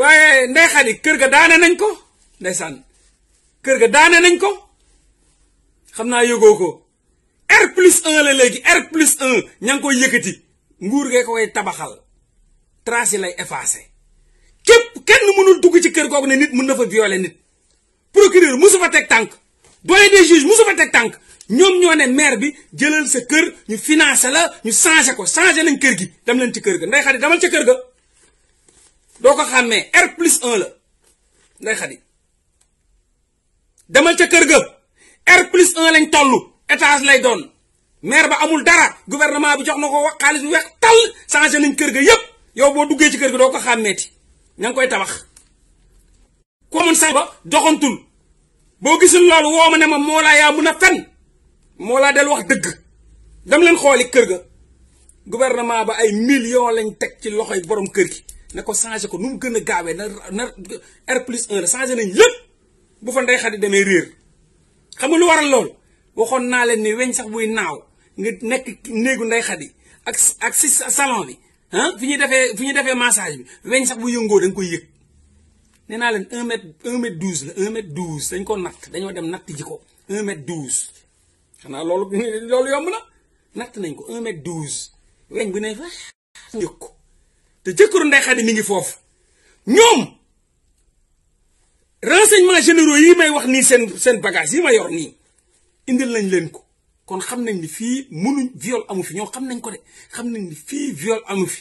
waaye ndey xadi kër ga daane nañ ko ndeysaan kër ga daane nañ ko xam naa yëgoo ko R plus 1 la léegi R plus 1 ña ngi koy yëkkati nguur gee koy tabaxal trace yi lay effacé képp kenn mënul dugg ci kër googu ne nit mun na fa violer nit procureur musu fa teg tànk doyen des juges musu fa teg tànk ñoom ñoo ne maire bi jëlal sa kër ñu financé la ñu changé ko changé nañ kër gi dem leen ci kër ga ndey xadi demal ci kër ga doko xamé R plus 1 la ngay xadi demal ca kër ga R plus 1 lañ tollu étage lay doon maire ba amul dara gouvernement bi jox na ko xaalis bu weex tal changer nañ kër ga yépp yow bo duggé ci kër ga doko xamé ti ña koy tabax commune sa ba doxantul bo gisul lool woo ma ne ma mola ya mu na fen mola del wax deug dam leen xoli kër ga gouvernement ba ay millions lañ tek ci loxoy borom kër gi ne ko changé ko nu mu gën a gaawee na na R plus 1 la changé nañ lépp bu fa ndey xadi demee réer xam nga lu waral lool waxoon naa leen ni weñ sax buy naaw nga nekk néegu ndey xadi ak ak si salon bi ah fi ñuy defee fi ñu defee massage bi weñ sax bu yëngoo da koy yëg ne naa leen un mètre un mètre douze la un mètre douze dañ ko natt dañoo dem natt ji ko un mètre douze xanaa loolu loolu yomb la natt nañ ko un mètre douze weñ bu ne fa yëg ko te jëkkëru Ndeye Khady mi ngi foofu ñoom renseignements généraux yi may wax nii seen seen bagage yi ma yor nii indil nañ leen ko kon xam nañ ni fii mënuñ viol amu fi ñoom xam nañ ko de xam nañ ni fii viol amu fi